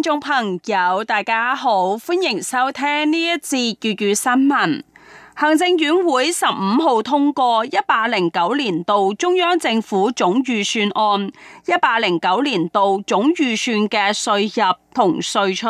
聽眾朋友，大家好，歡迎收聽呢一節粵語新聞。行政院會十五號通過一百零九年度中央政府總預算案，一百零九年度總預算嘅歲入同歲出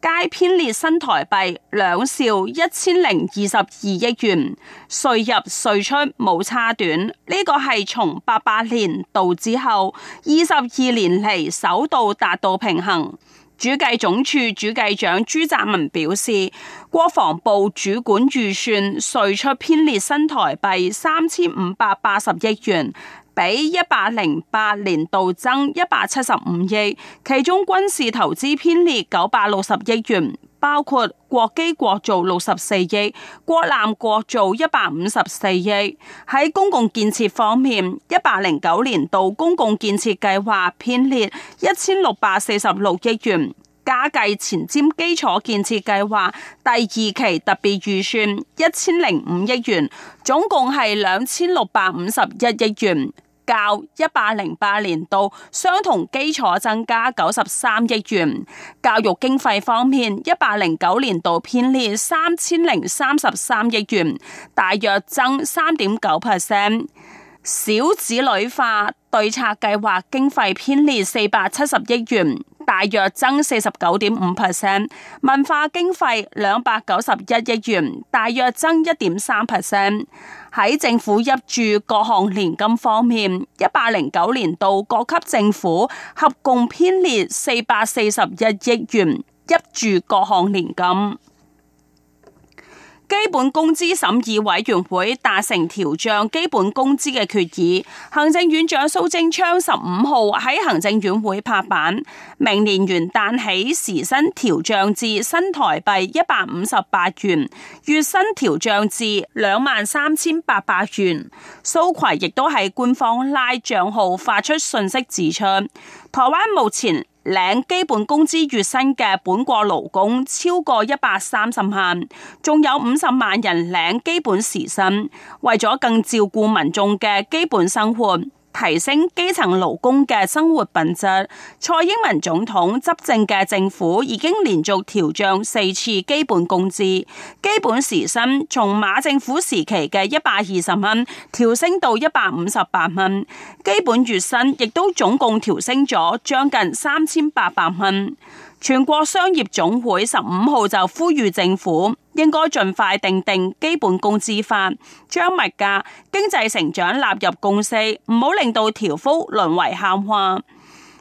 皆編列新台幣兩兆一千零二十二億元，歲入歲出冇差短呢、這個係從八八年度之後二十二年嚟首度達到平衡。主計總處主計長朱澤民表示，國防部主管預算歲出編列新台幣三千五百八十億元，比一百零八年度增一百七十五億，其中軍事投資編列九百六十億元。包括國機國造六十四億，國艦國造一百五十四億。喺公共建設方面，一百零九年度公共建設計劃編列一千六百四十六億元，加計前瞻基礎建設計劃第二期特別預算一千零五億元，總共係兩千六百五十一億元。較一百零八年度相同基礎增加九十三億元，教育經費方面，一百零九年度編列三千零三十三億元，大約增三點九 percent，小子女化對策計劃經費編列四百七十億元。大約增四十九點五 percent，文化經費兩百九十一億元，大約增一點三 percent。喺政府挹注各項年金方面，一百零九年度各級政府合共編列四百四十一億元挹注各項年金。基本工資審議委員會達成調漲基本工資嘅決議，行政院長蘇貞昌十五號喺行政院會拍板，明年元旦起時薪調漲至新台幣一百五十八元，月薪調漲至兩萬三千八百元。蘇揆亦都喺官方拉賬號發出信息指出，台灣目前，領基本工資月薪嘅本國勞工超過一百三十萬，仲有五十萬人領基本時薪，為咗更照顧民眾嘅基本生活。提升基層勞工嘅生活品質。蔡英文總統執政嘅政府已經連續調漲四次基本工資、基本時薪，從馬政府時期嘅一百二十蚊調升到一百五十八蚊。基本月薪亦都總共調升咗將近三千八百蚊。全國商業總會十五號就呼籲政府。應該盡快訂定基本工資法，將物價、經濟成長納入公式，唔好令到調幅淪為喊話。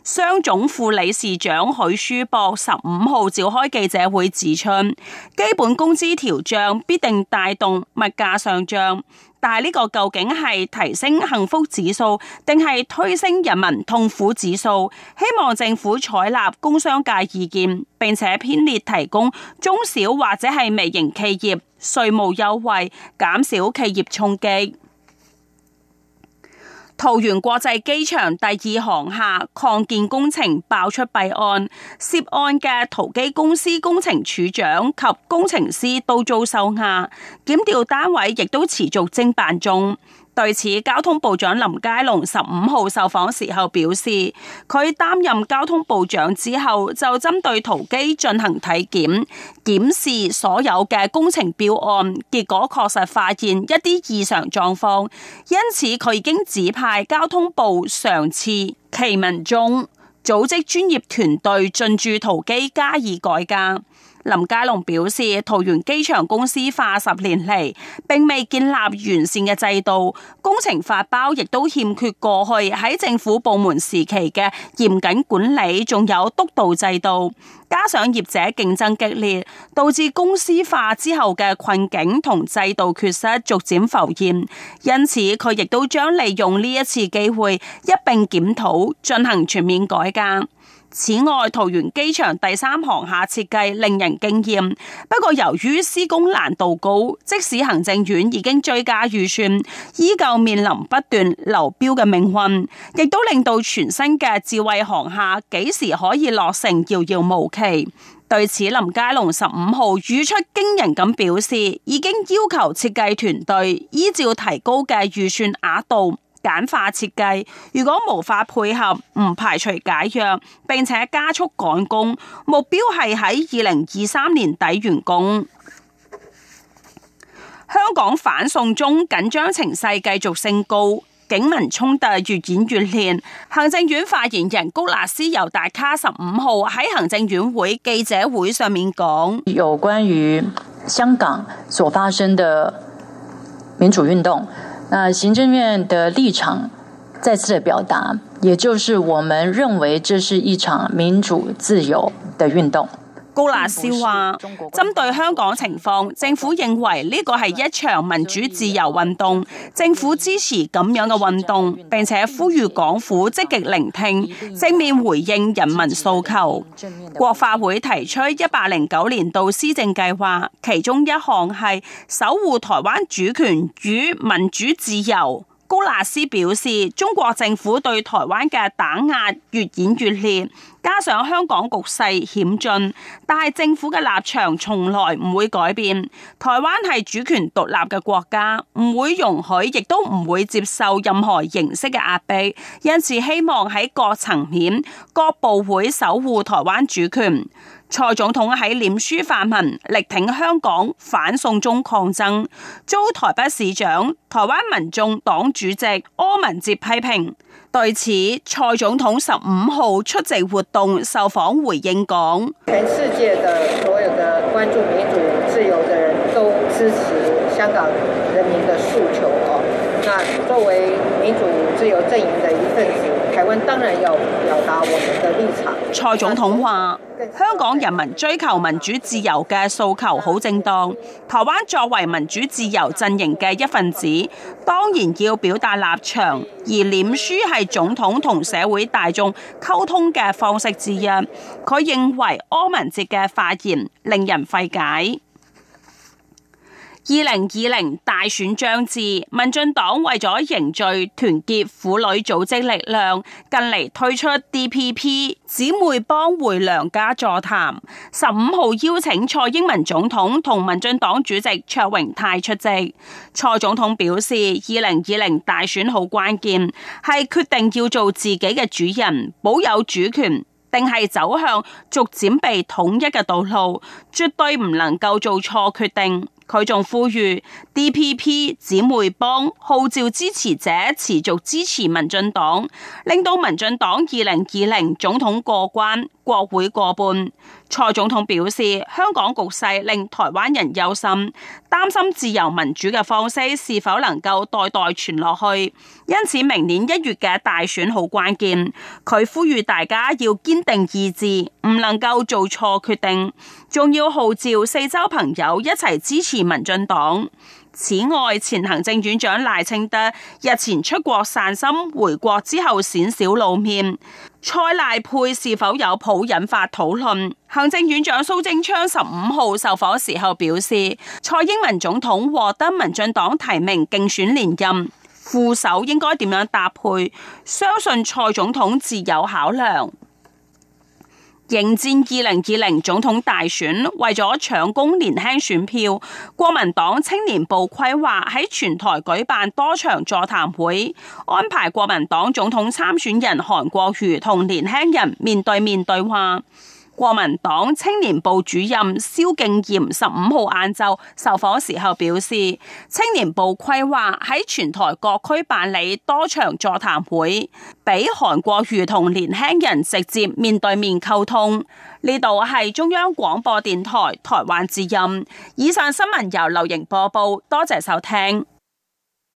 商總副理事長許舒博十五號召開記者會指出，基本工資調漲必定帶動物價上漲。但係呢個究竟係提升幸福指數，定係推升人民痛苦指數？希望政府採納工商界意見，並且編列提供中小或者係微型企業稅務優惠，減少企業衝擊。桃園國際機場第二航廈擴建工程爆出弊案，涉案嘅桃機公司工程處長及工程師都遭收押，檢調單位亦都持續偵辦中。對此，交通部長林佳龍十五號受訪時候表示，佢擔任交通部長之後就針對桃機進行體檢檢視所有嘅工程標案，結果確實發現一啲異常狀況，因此佢已經指派交通部常次祁文中組織專業團隊進駐桃機加以改革。林佳龍表示，桃園機場公司化十年嚟，並未建立完善嘅制度，工程發包亦都欠缺過去喺政府部門時期嘅嚴謹管理，仲有督導制度。加上業者競爭激烈，導致公司化之後嘅困境同制度缺失逐漸浮現。因此，佢亦都將利用呢一次機會一併檢討，進行全面改革。此外，桃園機場第三航廈設計令人驚艷，不過由於施工難度高，即使行政院已經追加預算，依舊面臨不斷流標嘅命運，亦都令到全新嘅智慧航廈幾時可以落成遙遙無期。對此，林佳龍十五號語出驚人咁表示，已經要求設計團隊依照提高嘅預算額度簡化設計，如果無法配合，唔排除解約，並且加速趕工，目標係喺二零二三年底完工。香港反送中緊張情勢繼續升高，警民衝突越演越烈。行政院發言人谷辣斯·尤達卡十五號喺行政院會記者會上面講：有關於香港所發生嘅民主運動。那行政院的立場再次的表達，也就是我們認為這是一場民主自由的運動。高立斯話：針對香港情況，政府認為呢個係一場民主自由運動，政府支持咁樣嘅運動，並且呼籲港府積極聆聽，正面回應人民訴求。國法會提出一百零九年度施政計劃，其中一項係守護台灣主權與民主自由。高納斯表示，中國政府對台灣嘅打壓越演越烈，加上香港局勢險峻，但係政府嘅立場從來唔會改變。台灣係主權獨立嘅國家，唔會容許，亦都唔會接受任何形式嘅壓逼，因此希望喺各層面、各部會守護台灣主權。蔡總統喺臉書發文力挺香港反送中抗爭，遭台北市長、台灣民眾黨主席柯文哲批評。對此，蔡總統十五號出席活動，受訪回應講：全世界的所有的關注民主自由的人都支持香港人民的訴求哦。那作為民主。自由陣營的一份子，台灣當然要表達我們的立場。蔡總統話：香港人民追求民主自由嘅訴求好正當，台灣作為民主自由陣營嘅一份子，當然要表達立場。而臉書係總統同社會大眾溝通嘅方式之一，佢認為柯文哲嘅發言令人費解。二零二零大選將至，民進黨為咗凝聚團結婦女組織力量，近嚟推出 DPP 姊妹幫回娘家座談，十五號邀請蔡英文總統同民進黨主席卓榮泰出席。蔡總統表示，二零二零大選好關鍵，係決定要做自己嘅主人，保有主權，定係走向逐漸被統一嘅道路，絕對唔能夠做錯決定。佢仲呼籲 DPP 姊妹幫號召支持者持續支持民進黨，令到民進黨二零二零總統過關，國會過半。蔡總統表示，香港局勢令台灣人憂心，擔心自由民主嘅方式是否能夠代代傳落去。因此，明年一月嘅大選好關鍵。佢呼籲大家要堅定意志，唔能夠做錯決定，仲要號召四周朋友一齊支持民進黨。此外，前行政院長賴清德日前出國散心，回國之後鮮少露面。蔡賴配是否有譜，引發討論。行政院長蘇貞昌十五號受訪時候表示，蔡英文總統獲得民進黨提名競選連任，副手應該點樣搭配？相信蔡總統自有考量。迎戰二零二零總統大選，為咗搶攻年輕選票，國民黨青年部規劃喺全台舉辦多場座談會，安排國民黨總統參選人韓國瑜同年輕人面對面對話。國民黨青年部主任蕭敬嚴十五號晏晝受訪時候表示，青年部規劃喺全台各區辦理多場座談會，俾韓國瑜同年輕人直接面對面溝通。呢度係中央廣播電台台灣之音。以上新聞由劉瑩播報，多謝收聽。